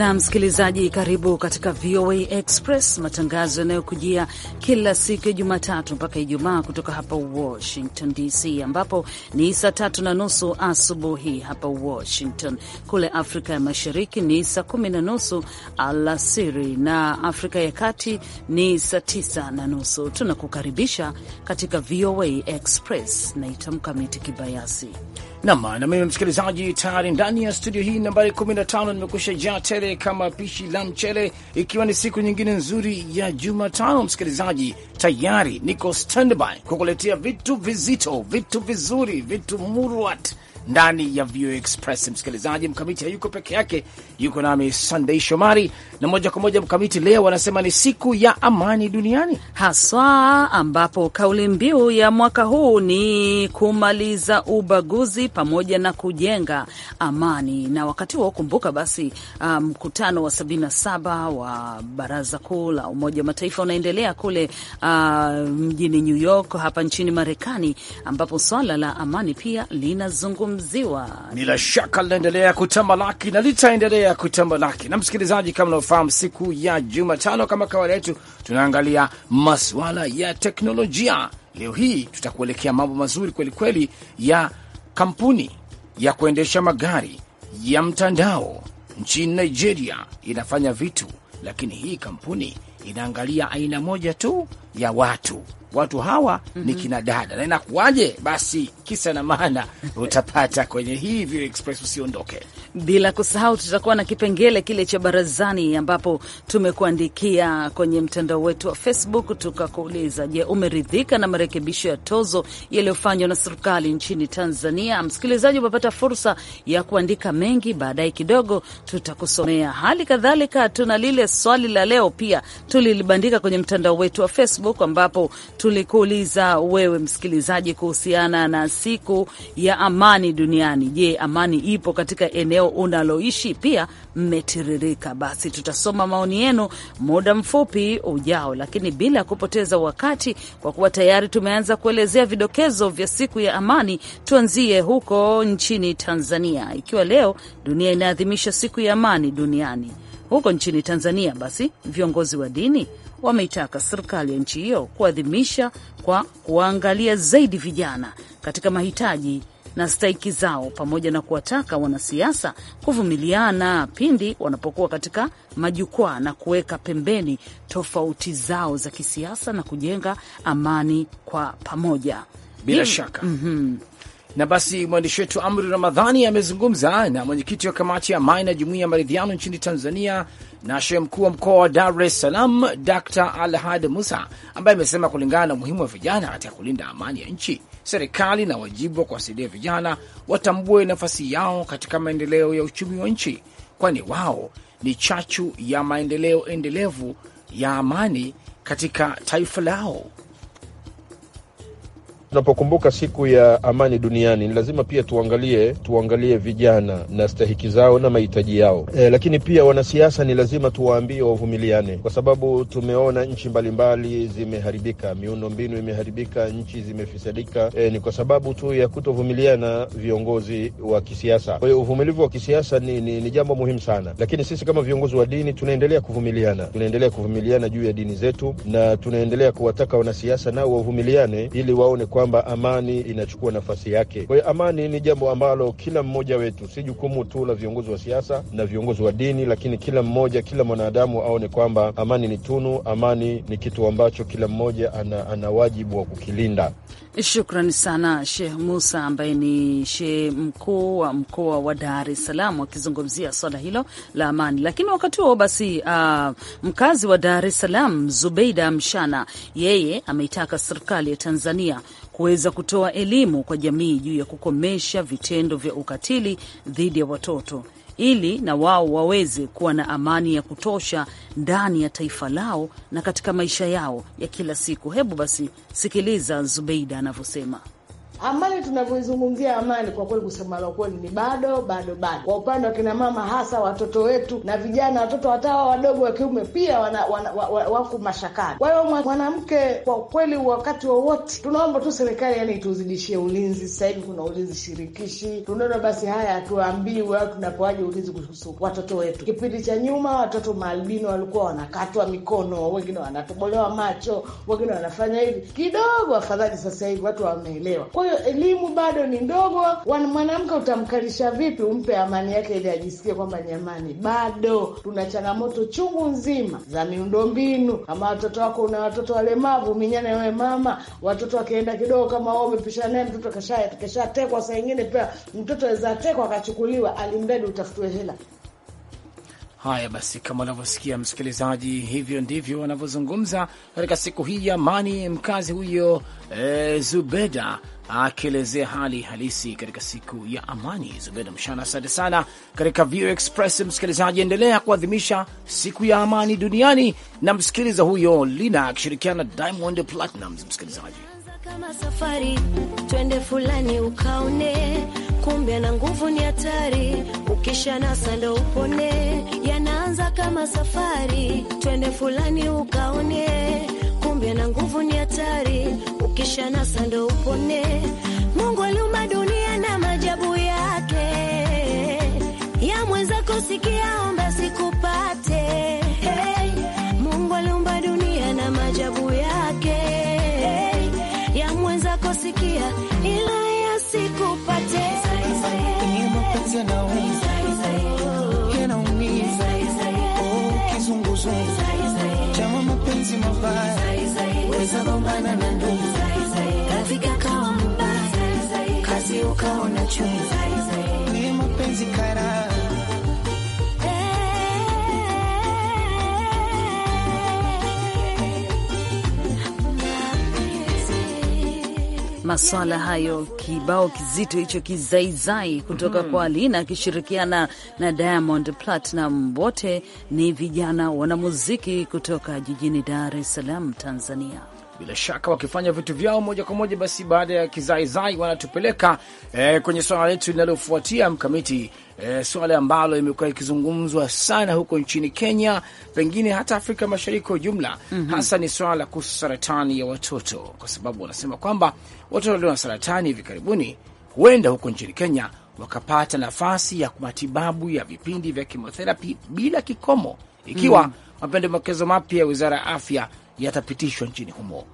na msikilizaji, karibu katika VOA Express, matangazo yanayokujia kila siku ya Jumatatu mpaka Ijumaa kutoka hapa Washington DC, ambapo ni saa tatu na nusu asubuhi hapa Washington. Kule Afrika ya Mashariki ni saa kumi na nusu alasiri na Afrika ya Kati ni saa tisa na nusu. Tunakukaribisha katika VOA Express. Naitamka Miti Kibayasi. Nam na mimi msikilizaji, tayari ndani ya studio hii nambari 15 nimekusha jaa tele kama pishi la mchele, ikiwa ni siku nyingine nzuri ya Jumatano. Msikilizaji, tayari niko standby kukuletea vitu vizito, vitu vizuri, vitu murwat ndani ya VOA Express. Msikilizaji, Mkamiti hayuko peke yake, yuko nami Sunday Shomari na moja kwa moja. Mkamiti, leo wanasema ni siku ya amani duniani haswa, ambapo kauli mbiu ya mwaka huu ni kumaliza ubaguzi pamoja na kujenga amani. Na wakati huo kumbuka basi um, mkutano um, wa 77 wa Baraza Kuu la Umoja wa Mataifa unaendelea kule uh, mjini New York hapa nchini Marekani, ambapo swala la amani pia linazungumzwa Mziwa bila shaka linaendelea kutamalaki na litaendelea kutamalaki Na msikilizaji, kama unaofahamu, siku ya Jumatano kama kawaida yetu tunaangalia masuala ya teknolojia. Leo hii tutakuelekea mambo mazuri kwelikweli kweli ya kampuni ya kuendesha magari ya mtandao nchini Nigeria inafanya vitu, lakini hii kampuni inaangalia aina moja tu ya watu watu hawa mm -hmm. ni mhm. kina dada na inakuwaje? Basi kisa na maana utapata kwenye hii Vio Express, usiondoke bila kusahau tutakuwa na kipengele kile cha barazani, ambapo tumekuandikia kwenye mtandao wetu wa Facebook tukakuuliza, je, umeridhika na marekebisho ya tozo yaliyofanywa na serikali nchini Tanzania? Msikilizaji, umepata fursa ya kuandika mengi, baadaye kidogo tutakusomea. Hali kadhalika tuna lile swali la leo pia tulilibandika kwenye mtandao wetu wa Facebook, ambapo tulikuuliza wewe msikilizaji kuhusiana na siku ya amani duniani. Je, amani ipo katika eneo eneo unaloishi pia mmetiririka. Basi tutasoma maoni yenu muda mfupi ujao, lakini bila kupoteza wakati, kwa kuwa tayari tumeanza kuelezea vidokezo vya siku ya amani, tuanzie huko nchini Tanzania, ikiwa leo dunia inaadhimisha siku ya amani duniani. Huko nchini Tanzania, basi viongozi wa dini wameitaka serikali ya nchi hiyo kuadhimisha kwa kuwaangalia zaidi vijana katika mahitaji na stahiki zao pamoja na kuwataka wanasiasa kuvumiliana pindi wanapokuwa katika majukwaa na kuweka pembeni tofauti zao za kisiasa na kujenga amani kwa pamoja bila Hili, mm, shaka mm -hmm. Na basi mwandishi wetu Amri Ramadhani amezungumza na mwenyekiti wa kamati ya amani na jumuiya ya maridhiano nchini Tanzania shehe mkuu wa mkoa wa Dar es Salaam Dr Alhad Musa, ambaye amesema kulingana na umuhimu wa vijana katika kulinda amani ya nchi, serikali na wajibu wa kuwasaidia vijana watambue nafasi yao katika maendeleo ya uchumi wa nchi, kwani wao ni chachu ya maendeleo endelevu ya amani katika taifa lao. Tunapokumbuka siku ya amani duniani, ni lazima pia tuangalie tuangalie vijana na stahiki zao na mahitaji yao e, lakini pia wanasiasa ni lazima tuwaambie wavumiliane, kwa sababu tumeona nchi mbalimbali zimeharibika, miundo mbinu imeharibika, nchi zimefisadika. E, ni kwa sababu tu ya kutovumiliana viongozi wa kisiasa. Kwa hiyo uvumilivu wa kisiasa ni, ni, ni jambo muhimu sana, lakini sisi kama viongozi wa dini tunaendelea kuvumiliana, tunaendelea kuvumiliana juu ya dini zetu na tunaendelea kuwataka wanasiasa nao wavumiliane ili waone kwa kwamba amani inachukua nafasi yake. Kwa hiyo amani ni jambo ambalo kila mmoja wetu, si jukumu tu la viongozi wa siasa na viongozi wa dini, lakini kila mmoja, kila mwanadamu aone kwamba amani ni tunu, amani ni kitu ambacho kila mmoja ana, ana wajibu wa kukilinda. Shukrani sana Sheh Musa ambaye ni sheh mkuu wa mkoa wa Dar es Salaam akizungumzia swala hilo la amani. Lakini wakati huo basi, uh, mkazi wa Dar es Salaam Zubeida Mshana yeye ameitaka serikali ya Tanzania kuweza kutoa elimu kwa jamii juu ya kukomesha vitendo vya ukatili dhidi ya watoto ili na wao waweze kuwa na amani ya kutosha ndani ya taifa lao na katika maisha yao ya kila siku. Hebu basi sikiliza Zubeida anavyosema. Amani tunavyoizungumzia amani, kwa kweli, kusema la kweli, ni bado bado bado. Kwa upande wa kina mama, hasa watoto wetu na vijana, watoto hatawa wadogo wa kiume pia wana, wana, wana, wako mashakani. Kwa hiyo mwanamke, kwa kweli, wakati wowote wa tunaomba tu serikali, yani ituzidishie ulinzi. Sasa hivi kuna ulinzi shirikishi, tunaona basi haya, hatuambii au tunapoaje ulinzi kuhusu watoto wetu. Kipindi cha nyuma watoto maalbino walikuwa wanakatwa mikono, wengine wanatobolewa macho, wengine wanafanya hivi kidogo. Afadhali sasa hivi watu wameelewa, kwa hiyo elimu bado ni ndogo. Mwanamke utamkalisha vipi? Umpe amani yake ili ajisikie kwamba ni amani? Bado tuna changamoto chungu nzima za miundombinu. Kama watoto wako una watoto walemavu, minyane wewe mama, watoto wakienda kidogo, kama wao umepisha naye mtoto kashatekwa, saa ingine pia mtoto aweza tekwa akachukuliwa, alimbedi utafutiwe hela Haya basi, kama unavyosikia msikilizaji, hivyo ndivyo wanavyozungumza katika siku hii ya amani, mkazi huyo e, Zubeda akielezea hali halisi katika siku ya amani. Zubeda Mshana, asante sana katika View Express. Msikilizaji, endelea kuadhimisha siku ya amani duniani na msikiliza huyo Lina akishirikiana na Diamond Platnumz. Msikilizaji kama safari twende fulani ukaone, kumbe na nguvu ni hatari, ukisha nasa ndo upone kwanza kama safari, twende fulani ukaone, kumbe na nguvu ni hatari, ukisha nasa ndo upone. Mungu aliumba dunia na majabu yake, ya mwenzako sikia omba siku ni mapenzi kara Maswala hayo kibao kizito hicho kizaizai kutoka mm, kwa Lina akishirikiana na Diamond Platinum, wote ni vijana wanamuziki kutoka jijini Dar es Salaam, Tanzania bila shaka wakifanya vitu vyao moja kwa moja. Basi baada ya kizaizai wanatupeleka eh, kwenye swala letu linalofuatia mkamiti eh, swala ambalo imekuwa ikizungumzwa sana huko nchini Kenya, pengine hata Afrika Mashariki kwa ujumla mm -hmm. hasa ni swala la kuhusu saratani ya watoto, kwa sababu wanasema kwamba watoto walio na saratani hivi karibuni huenda huko nchini Kenya wakapata nafasi ya matibabu ya vipindi vya kimotherapi bila kikomo, ikiwa mm -hmm. mapendekezo mapya ya wizara ya afya yatapitishwa nchini humo.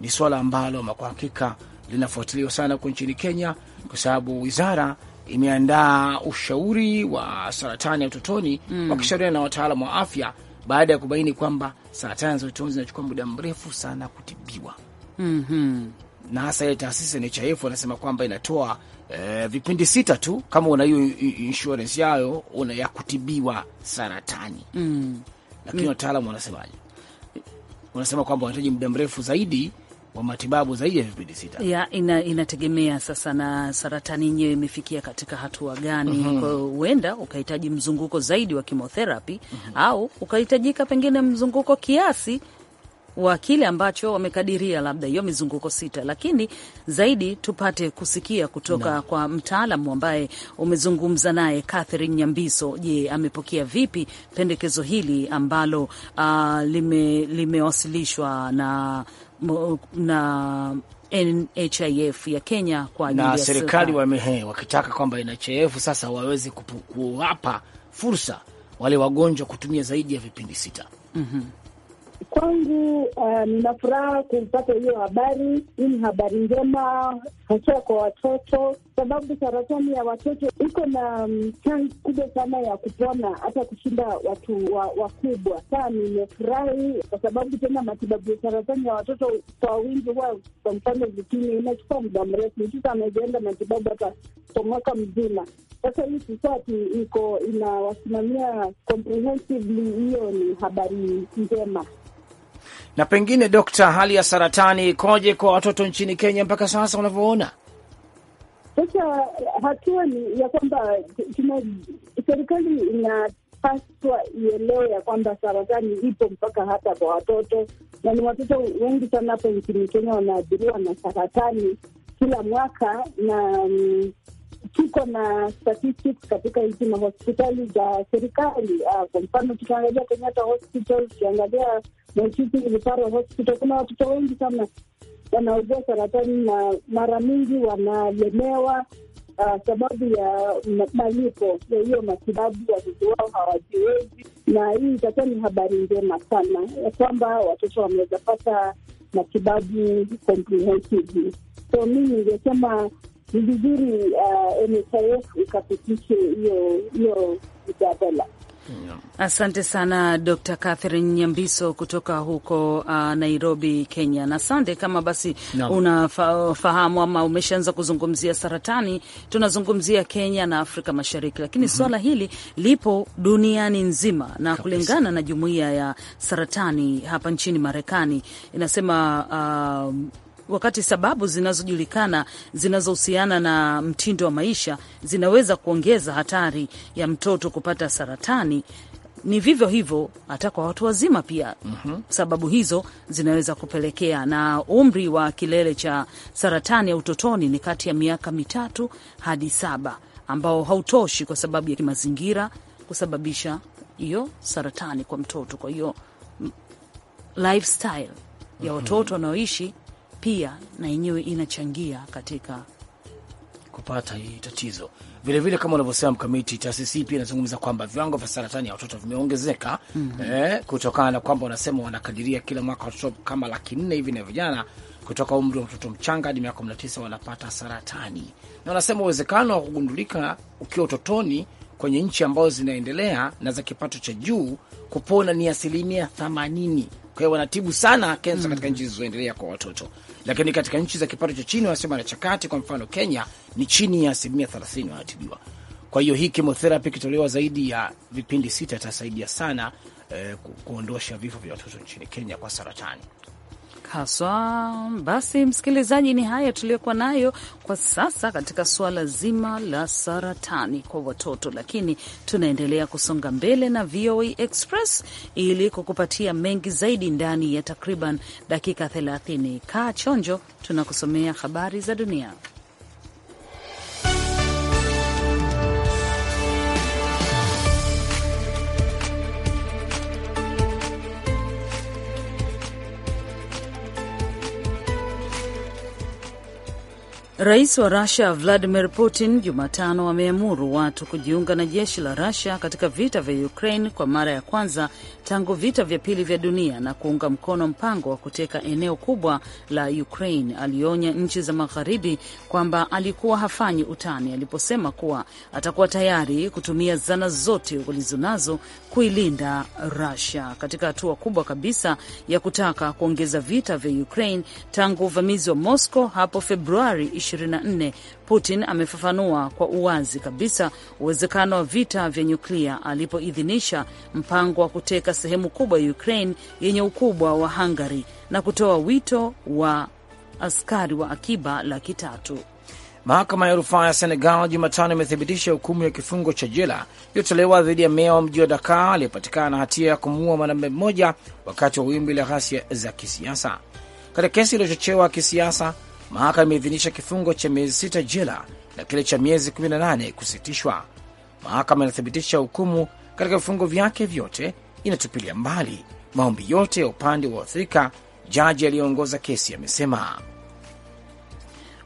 Ni swala ambalo kwa hakika linafuatiliwa sana huko nchini Kenya, kwa sababu wizara imeandaa ushauri wa saratani ya utotoni mm, wakishauriana na wataalam wa afya baada ya kubaini kwamba saratani za utotoni zinachukua muda mrefu sana kutibiwa mm -hmm. na hasa ile taasisi NHIF wanasema kwamba inatoa eh, vipindi sita tu kama una hiyo insurance yayo una ya kutibiwa saratani mm. Lakini mm. wataalam wanasemaje? unasema kwamba wanahitaji muda mrefu zaidi wa matibabu zaidi ya vipindi sita. Ya, ina, inategemea sasa na saratani yenyewe imefikia katika hatua gani. mm -hmm. Kwa hiyo huenda ukahitaji mzunguko zaidi wa kimotherapi mm -hmm. au ukahitajika pengine mzunguko kiasi wa kile ambacho wamekadiria labda hiyo mizunguko sita, lakini zaidi tupate kusikia kutoka na kwa mtaalamu ambaye umezungumza naye Catherine Nyambiso. Je, amepokea vipi pendekezo hili ambalo uh, lime, limewasilishwa na, na NHIF ya Kenya kwa ajili ya serikali wamehe, wakitaka kwamba NHIF sasa waweze kuwapa fursa wale wagonjwa kutumia zaidi ya vipindi sita. mm -hmm. Kwangu uh, nina furaha kupata hiyo habari. Hii ni habari njema, hasa kwa watoto, sababu saratani ya watoto iko na mm, chansi um, kubwa sana ya kupona hata kushinda watu wakubwa wa. Saa nimefurahi kwa sababu tena matibabu ya saratani ya watoto kwa wingi huwa, kwa mfano zikini, inachukua muda mrefu, mtoto anawezaenda matibabu hata kwa mwaka mzima. Sasa hii sisati iko inawasimamia comprehensively, hiyo ni habari njema. Na pengine dokta, hali ya saratani ikoje kwa watoto nchini Kenya mpaka sasa unavyoona? Sasa hatua ni ya kwamba serikali inapaswa ielewe ya kwamba saratani ipo mpaka hata kwa watoto, na ni watoto wengi sana hapo nchini Kenya wanaadhiriwa na saratani kila mwaka na um, tuko na statistics katika hizi mahospitali za serikali. Ah, kwa mfano tukiangalia Kenyatta Hospital, tukiangalia Mochizi Referral Hospital, kuna watoto wengi sana wanaugua saratani na mara mingi wanalemewa Uh, sababu ya malipo ya hiyo matibabu watoto wao hawajiwezi, na hii itakuwa ni habari njema sana ya kwamba watoto wameweza pata matibabu So mi ningesema ni vizuri eh, NHIF ikapitishe hiyo hiyo mjadala. Asante sana Dr. Catherine Nyambiso kutoka huko uh, Nairobi, Kenya. Na sande kama basi no. unafahamu ama umeshaanza kuzungumzia saratani, tunazungumzia Kenya na Afrika Mashariki, lakini mm -hmm. swala hili lipo duniani nzima na Kapis. kulingana na jumuiya ya saratani hapa nchini Marekani inasema uh, wakati sababu zinazojulikana zinazohusiana na mtindo wa maisha zinaweza kuongeza hatari ya mtoto kupata saratani ni vivyo hivyo hata kwa watu wazima pia. mm -hmm. Sababu hizo zinaweza kupelekea, na umri wa kilele cha saratani ya utotoni ni kati ya miaka mitatu hadi saba, ambao hautoshi kwa sababu ya kimazingira kusababisha hiyo saratani kwa mtoto. Kwa hiyo mm, lifestyle ya mhm. watoto wanaoishi pia na yenyewe inachangia katika kupata hii tatizo. Vilevile kama unavyosema Mkamiti, taasisi hii pia inazungumza kwamba viwango vya saratani ya watoto vimeongezeka mm -hmm. eh, kutokana na kwamba wanasema wanakadiria kila mwaka watoto kama laki nne hivi na vijana kutoka umri wa mtoto mchanga hadi miaka tisa wanapata saratani, na wanasema uwezekano wa kugundulika ukiwa utotoni kwenye nchi ambazo zinaendelea na za kipato cha juu kupona ni asilimia themanini. Kwa hiyo wanatibu sana kensa mm -hmm. katika mhm. nchi zilizoendelea kwa watoto lakini katika nchi za kipato cha chini wanasema cha kati, kwa mfano Kenya, ni chini ya asilimia thelathini wanatibiwa. Kwa hiyo hii kemotherapi ikitolewa zaidi ya vipindi sita itasaidia sana eh, kuondosha vifo vya watoto nchini Kenya kwa saratani haswa. Basi msikilizaji, ni haya tuliyokuwa nayo kwa sasa katika suala zima la saratani kwa watoto, lakini tunaendelea kusonga mbele na VOA Express ili kukupatia mengi zaidi ndani ya takriban dakika 30. Kaa chonjo, tunakusomea habari za dunia. Rais wa Rusia Vladimir Putin Jumatano ameamuru watu kujiunga na jeshi la Rusia katika vita vya Ukraine kwa mara ya kwanza tangu vita vya pili vya dunia na kuunga mkono mpango wa kuteka eneo kubwa la Ukraine. Alionya nchi za magharibi kwamba alikuwa hafanyi utani aliposema kuwa atakuwa tayari kutumia zana zote ulizonazo kuilinda Rusia katika hatua kubwa kabisa ya kutaka kuongeza vita vya Ukraine tangu uvamizi wa Moscow hapo Februari 2024 Putin amefafanua kwa uwazi kabisa uwezekano wa vita vya nyuklia alipoidhinisha mpango wa kuteka sehemu kubwa ya Ukraine yenye ukubwa wa Hungary na kutoa wito wa askari wa akiba laki tatu. Mahakama ya rufaa ya Senegal Jumatano imethibitisha hukumu ya kifungo cha jela iliyotolewa dhidi ya meya wa mji wa Dakar aliyepatikana na hatia ya kumuua mwanamume mmoja wakati wa wimbi la ghasia za kisiasa. Katika kesi iliyochochewa kisiasa, mahakama imeidhinisha kifungo cha miezi sita jela na kile cha miezi 18 kusitishwa. Mahakama inathibitisha hukumu katika vifungo vyake vyote, inatupilia mbali maombi yote ya upande wa waathirika, jaji aliyeongoza kesi amesema.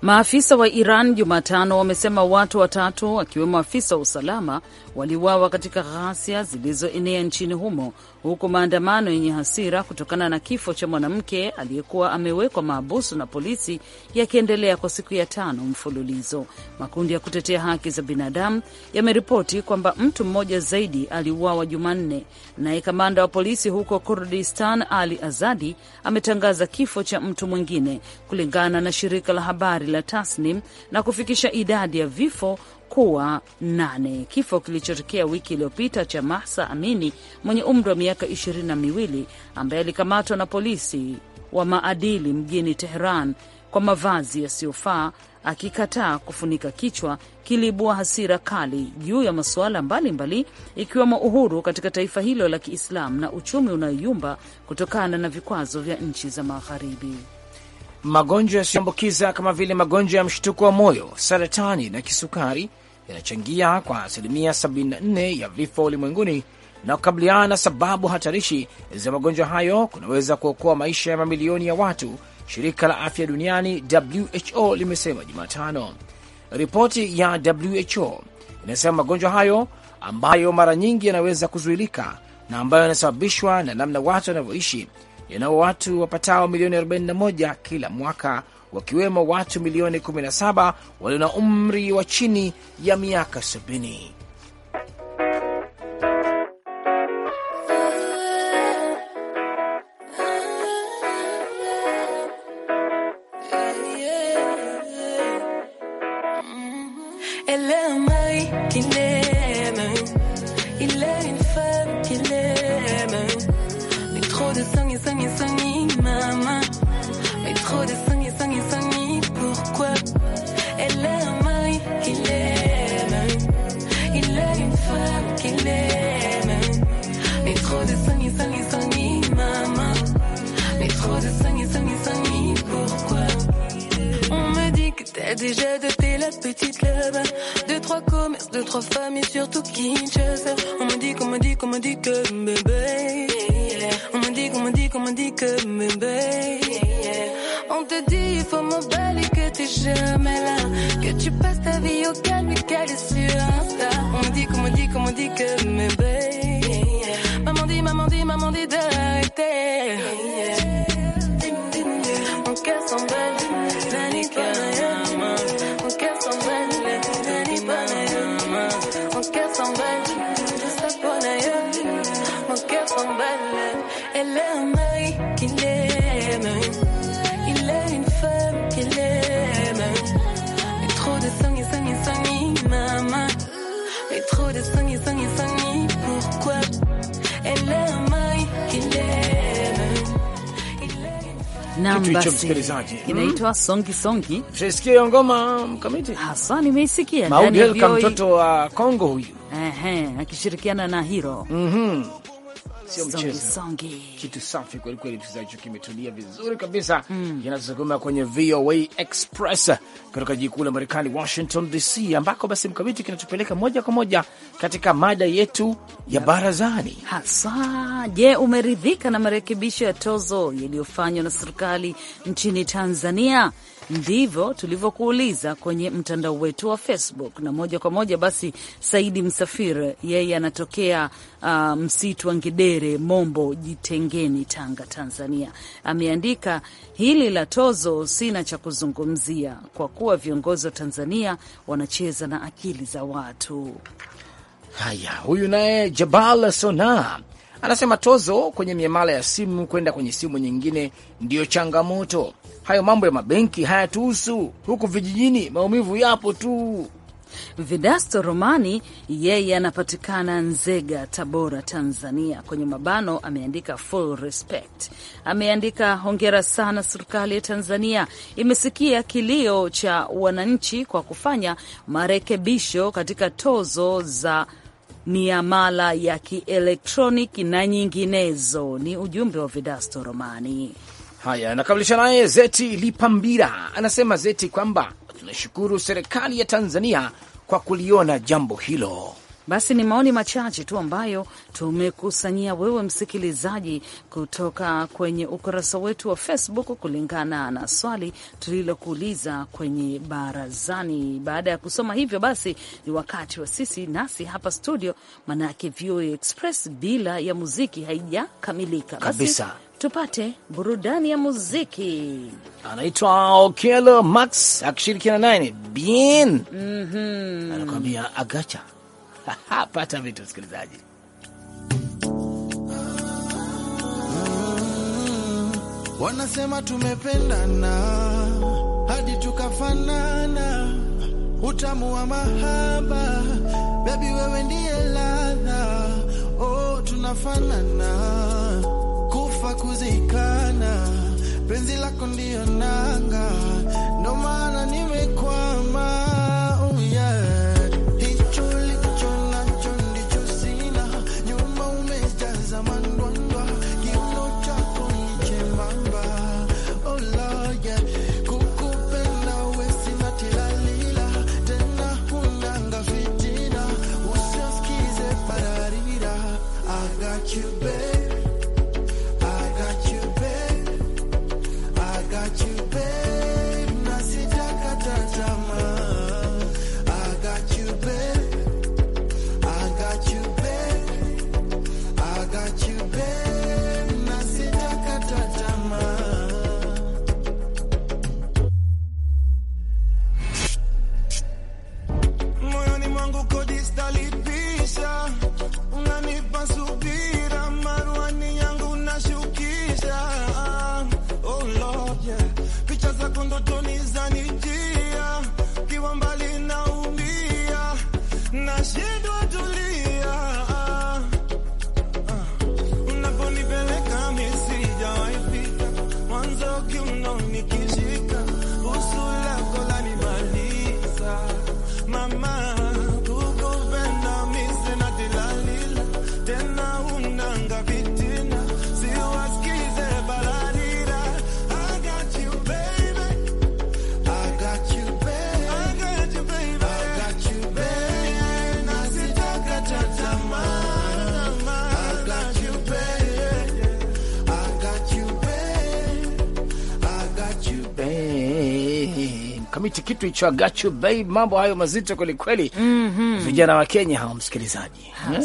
Maafisa wa Iran Jumatano wamesema watu watatu wakiwemo afisa wa usalama waliuawa katika ghasia zilizoenea nchini humo huku maandamano yenye hasira kutokana na kifo cha mwanamke aliyekuwa amewekwa maabusu na polisi yakiendelea kwa siku ya tano mfululizo. Makundi ya kutetea haki za binadamu yameripoti kwamba mtu mmoja zaidi aliuawa Jumanne, naye kamanda wa polisi huko Kurdistan Ali Azadi ametangaza kifo cha mtu mwingine, kulingana na shirika la habari la Tasnim, na kufikisha idadi ya vifo kuwa nane. Kifo kilichotokea wiki iliyopita cha Mahsa Amini mwenye umri wa miaka ishirini na miwili ambaye alikamatwa na polisi wa maadili mjini Teheran kwa mavazi yasiyofaa akikataa kufunika kichwa kiliibua hasira kali juu ya masuala mbalimbali ikiwemo uhuru katika taifa hilo la Kiislamu na uchumi unayoyumba kutokana na vikwazo vya nchi za Magharibi. Magonjwa yasiyoambukiza kama vile magonjwa ya mshtuko wa moyo, saratani na kisukari yanachangia kwa asilimia 74 ya vifo ulimwenguni, na kukabiliana na sababu hatarishi za magonjwa hayo kunaweza kuokoa maisha ya mamilioni ya watu, shirika la afya duniani WHO limesema Jumatano. Ripoti ya WHO inasema magonjwa hayo ambayo mara nyingi yanaweza kuzuilika na ambayo yanasababishwa na namna watu wanavyoishi yanaua watu wapatao milioni 41 kila mwaka wakiwemo watu milioni 17 walio na umri wa chini ya miaka sabini Diyor ki gece kitu hicho msikilizaji, inaitwa songi songi. Ushasikia hiyo ngoma mkamiti? Hasa nimeisikia. E. Mtoto wa Kongo huyu, ehe, akishirikiana na Hiro. Mhm sio mchezo, songi kitu safi kweli kweli, mchezaji kimetulia vizuri kabisa mm. kinachosukuma kwenye VOA Express kutoka jiji kuu la Marekani, Washington DC, ambako basi mkamiti kinatupeleka moja kwa moja katika mada yetu ya yep. barazani hasa. Je, umeridhika na marekebisho ya tozo yaliyofanywa na serikali nchini Tanzania? Ndivyo tulivyokuuliza kwenye mtandao wetu wa Facebook na moja kwa moja basi, Saidi Msafiri yeye anatokea uh, msitu wa Ngideri Bwire Mombo Jitengeni, Tanga, Tanzania, ameandika hili la tozo sina cha kuzungumzia kwa kuwa viongozi wa Tanzania wanacheza na akili za watu. Haya, huyu naye Jabal Sona anasema tozo kwenye miamala ya simu kwenda kwenye simu nyingine ndiyo changamoto. Hayo mambo ya mabenki hayatuhusu, huku vijijini maumivu yapo tu. Vidasto Romani yeye anapatikana Nzega, Tabora, Tanzania. Kwenye mabano ameandika full respect, ameandika hongera sana serikali ya Tanzania, imesikia kilio cha wananchi kwa kufanya marekebisho katika tozo za miamala ya kielektroniki na nyinginezo. Ni ujumbe wa Vidasto Romani. Haya, nakamilisha naye Zeti Lipambira, anasema Zeti kwamba tunashukuru serikali ya Tanzania kwa kuliona jambo hilo. Basi ni maoni machache tu ambayo tumekusanyia wewe msikilizaji, kutoka kwenye ukurasa wetu wa Facebook kulingana na swali tulilokuuliza kwenye barazani. Baada ya kusoma hivyo, basi ni wakati wa sisi nasi hapa studio, manake VOA Express bila ya muziki haijakamilika kabisa tupate burudani ya muziki. Anaitwa okelo Max akishirikiana naye ni Bien, mm -hmm. anakuambia agacha. Pata vitu msikilizaji. Wanasema tumependana hadi tukafanana, utamu wa mahaba, bebi wewe ndiye ladha, oh, tunafanana kufa kuzikana, penzi lako ndio nanga, ndo maana nimekwama ndotoni zanijia kiwa mbali mkamiti kitu ichwagacho bei, mambo hayo mazito kwelikweli. mm -hmm. Vijana wa Kenya hawa, msikilizaji, eh?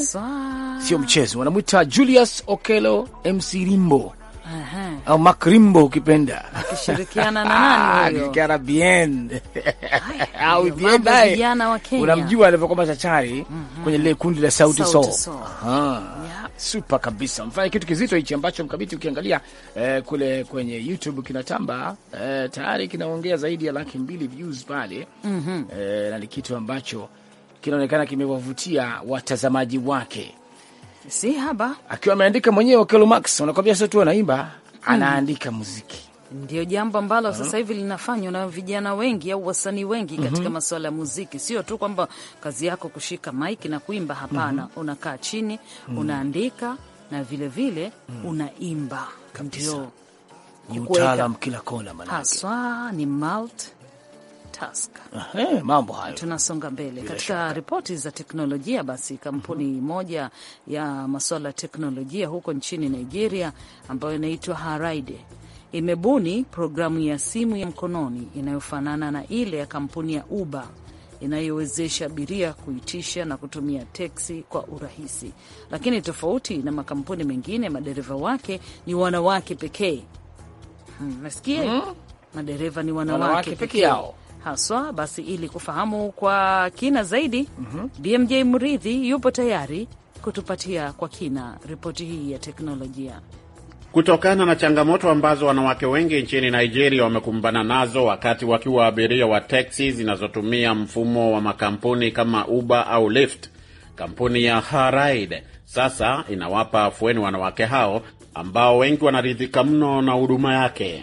sio mchezo. Wanamwita Julius Okelo MC Rimbo au Makrimbo ukipenda, akishirikiana na nani ah, huyo? Akishirikiana Bien au Bien Dai, unamjua alivyokoma machachari mm kwenye lile kundi la Sauti Sol ah, Super kabisa, mfanya kitu kizito hichi ambacho mkabiti ukiangalia eh, kule kwenye YouTube kinatamba eh, tayari kinaongea zaidi ya laki mbili views pale mm -hmm. eh, na ni kitu ambacho kinaonekana kimewavutia watazamaji wake, si haba, akiwa ameandika mwenyewe Kelo Max, unakwambia sio tu anaimba Hmm. anaandika muziki ndio jambo ambalo sasa hivi linafanywa na vijana wengi au wasanii wengi mhm. katika mm -hmm. masuala ya muziki. Sio tu kwamba kazi yako kushika maiki na kuimba, hapana. mm -hmm. unakaa chini mm -hmm. unaandika na vilevile vile, mm -hmm. unaimba. Ndio ni utaalam kila kona, maana haswa ni malt Tusker. Hey, mambo hayo. Tunasonga mbele katika ripoti za teknolojia. Basi kampuni mm -hmm. moja ya masuala ya teknolojia huko nchini Nigeria ambayo inaitwa Haraide imebuni programu ya simu ya mkononi inayofanana na ile ya kampuni ya Uber inayowezesha abiria kuitisha na kutumia teksi kwa urahisi, lakini tofauti na makampuni mengine, madereva wake ni wanawake pekee. Hmm, nasikia hmm, madereva ni wanawake, wanawake pekee yao haswa. Basi ili kufahamu kwa kina zaidi mm -hmm. BMJ Mridhi yupo tayari kutupatia kwa kina ripoti hii ya teknolojia. Kutokana na changamoto ambazo wanawake wengi nchini Nigeria wamekumbana nazo wakati wakiwa abiria wa teksi zinazotumia mfumo wa makampuni kama Uber au Lyft, kampuni ya Haride sasa inawapa afueni wanawake hao ambao wengi wanaridhika mno na huduma yake.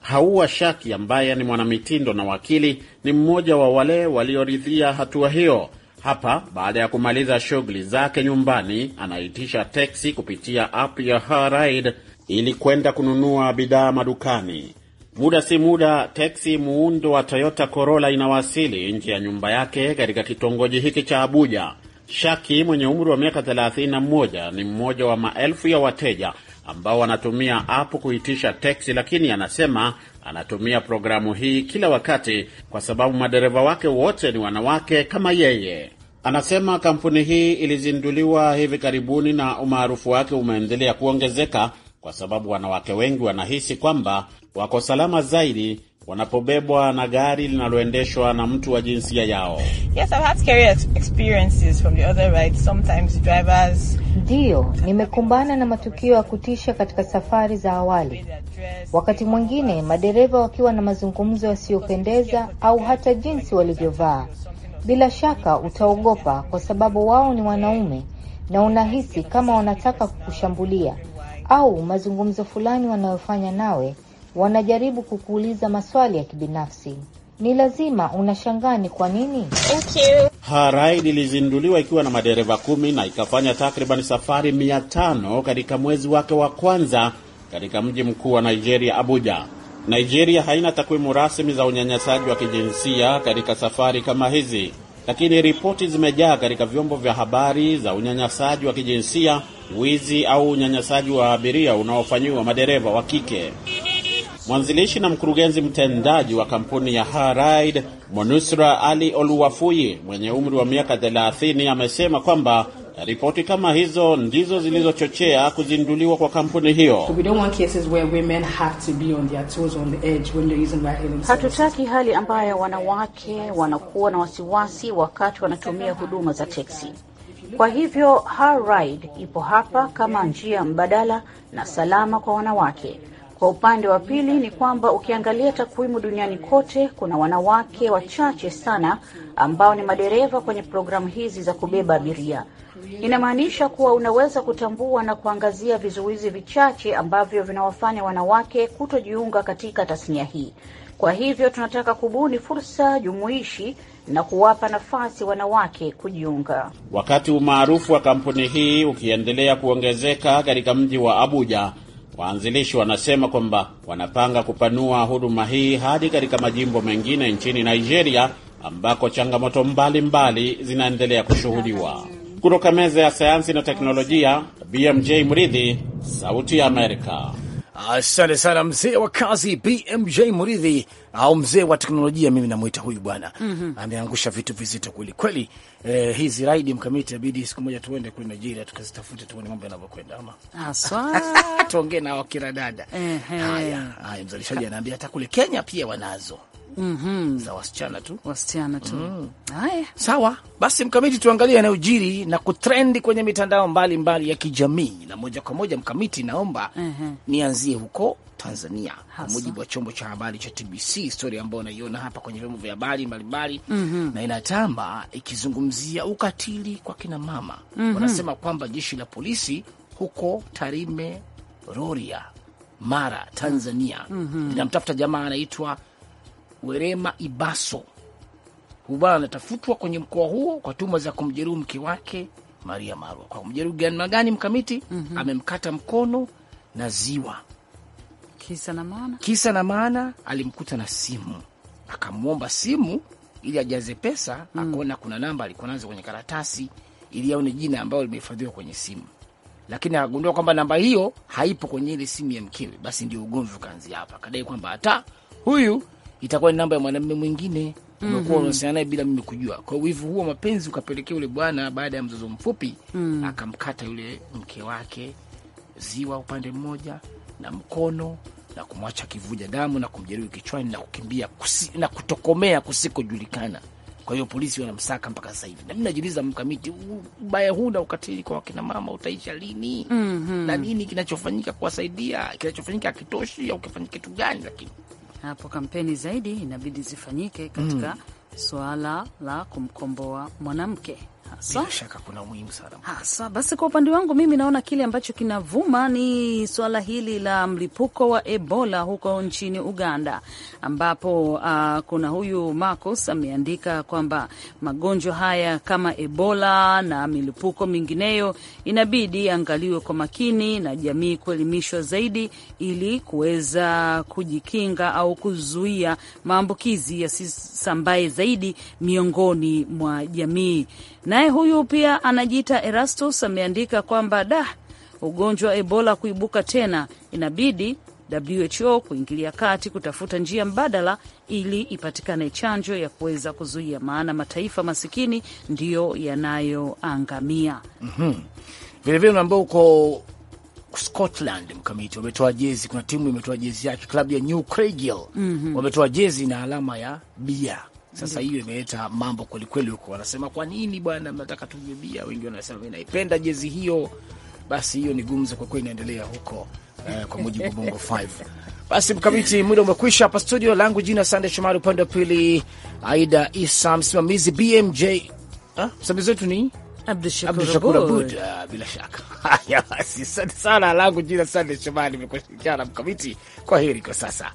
Haua Shaki ambaye ni mwanamitindo na wakili ni mmoja wa wale walioridhia hatua hiyo. Hapa baada ya kumaliza shughuli zake nyumbani, anaitisha teksi kupitia app ya HRide ili kwenda kununua bidhaa madukani. Muda si muda, teksi muundo wa Toyota Corolla inawasili nje ya nyumba yake katika kitongoji hiki cha Abuja. Shaki mwenye umri wa miaka 31 ni mmoja wa maelfu ya wateja ambao wanatumia apu kuitisha teksi, lakini anasema anatumia programu hii kila wakati kwa sababu madereva wake wote ni wanawake kama yeye. Anasema kampuni hii ilizinduliwa hivi karibuni na umaarufu wake umeendelea kuongezeka kwa sababu wanawake wengi wanahisi kwamba wako salama zaidi wanapobebwa na gari linaloendeshwa na mtu wa jinsia yao. Yes, I've had scary experiences from the other ride. Sometimes drivers... Ndiyo, nimekumbana na matukio ya kutisha katika safari za awali. Wakati mwingine madereva wakiwa na mazungumzo yasiyopendeza au hata jinsi walivyovaa. Bila shaka utaogopa kwa sababu wao ni wanaume na unahisi kama wanataka kukushambulia au mazungumzo fulani wanayofanya nawe wanajaribu kukuuliza maswali ya kibinafsi. Ni lazima unashangaa ni kwa nini. Harai lilizinduliwa ikiwa na madereva kumi na ikafanya takriban safari mia tano katika mwezi wake wa kwanza katika mji mkuu wa Nigeria, Abuja. Nigeria haina takwimu rasmi za unyanyasaji wa kijinsia katika safari kama hizi, lakini ripoti zimejaa katika vyombo vya habari za unyanyasaji wa kijinsia, wizi au unyanyasaji wa abiria unaofanyiwa madereva wa kike. Mwanzilishi na mkurugenzi mtendaji wa kampuni ya Haride Monusra Ali Oluwafuyi mwenye umri wa miaka 30 amesema kwamba ripoti kama hizo ndizo zilizochochea kuzinduliwa kwa kampuni hiyo. Hatutaki hali ambayo wanawake wanakuwa na wasiwasi wakati wanatumia huduma za teksi. Kwa hivyo Haride ipo hapa kama njia mbadala na salama kwa wanawake kwa upande wa pili ni kwamba ukiangalia takwimu duniani kote, kuna wanawake wachache sana ambao ni madereva kwenye programu hizi za kubeba abiria. Inamaanisha kuwa unaweza kutambua na kuangazia vizuizi vichache ambavyo vinawafanya wanawake kutojiunga katika tasnia hii. Kwa hivyo tunataka kubuni fursa jumuishi na kuwapa nafasi wanawake kujiunga. Wakati umaarufu wa kampuni hii ukiendelea kuongezeka katika mji wa Abuja, Waanzilishi wanasema kwamba wanapanga kupanua huduma hii hadi katika majimbo mengine nchini Nigeria ambako changamoto mbalimbali zinaendelea kushuhudiwa. Kutoka meza ya sayansi na teknolojia, BMJ Mridhi, Sauti ya Amerika. Asante sana mzee wa kazi BMJ Muridhi au mzee wa teknolojia, mimi namwita huyu bwana mm -hmm. Ameangusha vitu vizito kweli kweli. Eh, hizi raidi mkamiti, abidi siku moja tuende kule Nigeria tukazitafute, tuone mambo yanavyokwenda, ama haswa tuongee na wakiradada. Haya haya, mzalishaji anaambia hata kule Kenya pia wanazo mm -hmm. za wasichana tu, wasichana tu. Mm Sawa basi, Mkamiti, tuangalie yanayojiri na kutrendi kwenye mitandao mbalimbali mbali ya kijamii, na moja kwa moja Mkamiti, naomba mm -hmm. nianzie huko Tanzania kwa mujibu wa chombo cha habari cha TBC, stori ambayo unaiona hapa kwenye vyombo vya habari mbalimbali mm -hmm. na inatamba ikizungumzia ukatili kwa kina mama mm -hmm. wanasema kwamba jeshi la polisi huko Tarime, roria Mara, Tanzania linamtafuta mm-hmm. mm -hmm. jamaa anaitwa Werema Ibaso Hubana anatafutwa kwenye mkoa huo kwa tuma za kumjeruhi mke wake Maria Marwa. Kwa kumjeruhi gani magani mkamiti? mm -hmm. Amemkata mkono na ziwa. Kisa na maana, kisa na maana alimkuta na simu, akamwomba simu ili ajaze pesa mm. Akaona kuna namba alikuwa nazo kwenye karatasi ili aone jina ambayo limehifadhiwa kwenye simu, lakini akagundua kwamba namba hiyo haipo kwenye ile simu ya mkewe. Basi ndio ugomvi ukaanzia hapa, akadai kwamba hata huyu itakuwa ni namba ya mwanamume mwingine mm-hmm. umekuwa unahusiana naye bila mimi kujua. Kwa hiyo wivu huo mapenzi ukapelekea yule bwana, baada ya mzozo mfupi mm. akamkata yule mke wake ziwa upande mmoja na mkono na kumwacha akivuja damu na kumjeruhi kichwani na kukimbia kusi, na kutokomea kusikojulikana. Kwa hiyo polisi wanamsaka mpaka sasa hivi, na mimi najiuliza, mkamiti, ubaya huu na ukatili kwa wakina mama utaisha lini? mm -hmm. na nini kinachofanyika kuwasaidia? Kinachofanyika akitoshi au kifanyika kitu gani? Lakini hapo kampeni zaidi inabidi zifanyike katika mm, suala la kumkomboa mwanamke haswa. Bila shaka kuna umuhimu sana haswa. Basi kwa upande wangu mimi naona kile ambacho kinavuma ni suala hili la mlipuko wa Ebola huko nchini Uganda, ambapo uh, kuna huyu Marcos ameandika kwamba magonjwa haya kama Ebola na milipuko mingineyo inabidi angaliwe kwa makini na jamii kuelimishwa zaidi ili kuweza kujikinga au kuzuia maambukizi yasisambae zaidi miongoni mwa jamii naye Naye huyu pia anajiita Erastus ameandika kwamba da, ugonjwa wa Ebola kuibuka tena, inabidi WHO kuingilia kati kutafuta njia mbadala ili ipatikane chanjo ya kuweza kuzuia, maana mataifa masikini ndiyo yanayoangamia. mm -hmm. Vilevile unaambia uko Scotland mkamiti wametoa jezi, kuna timu imetoa jezi yake, klabu ya New Craighill mm -hmm. wametoa jezi na alama ya bia sasa hiyo imeleta mambo kwelikweli huko, wanasema kwa nini bwana mnataka tujue bia? Wengi wanasema mi naipenda jezi hiyo. Basi hiyo ni gumzo kwa kweli inaendelea huko eh, kwa mujibu wa Bongo 5 Basi mkamiti, muda umekwisha hapa studio langu, jina Sande Shomari, upande wa pili Aida Isa, msimamizi BMJ, ah, msimamizi wetu ni Abdushakur Abud. Ah, bila shaka haya, basi asante sana, langu jina Sande Shomari, nimekushirikiana Mkamiti. Kwa heri kwa sasa.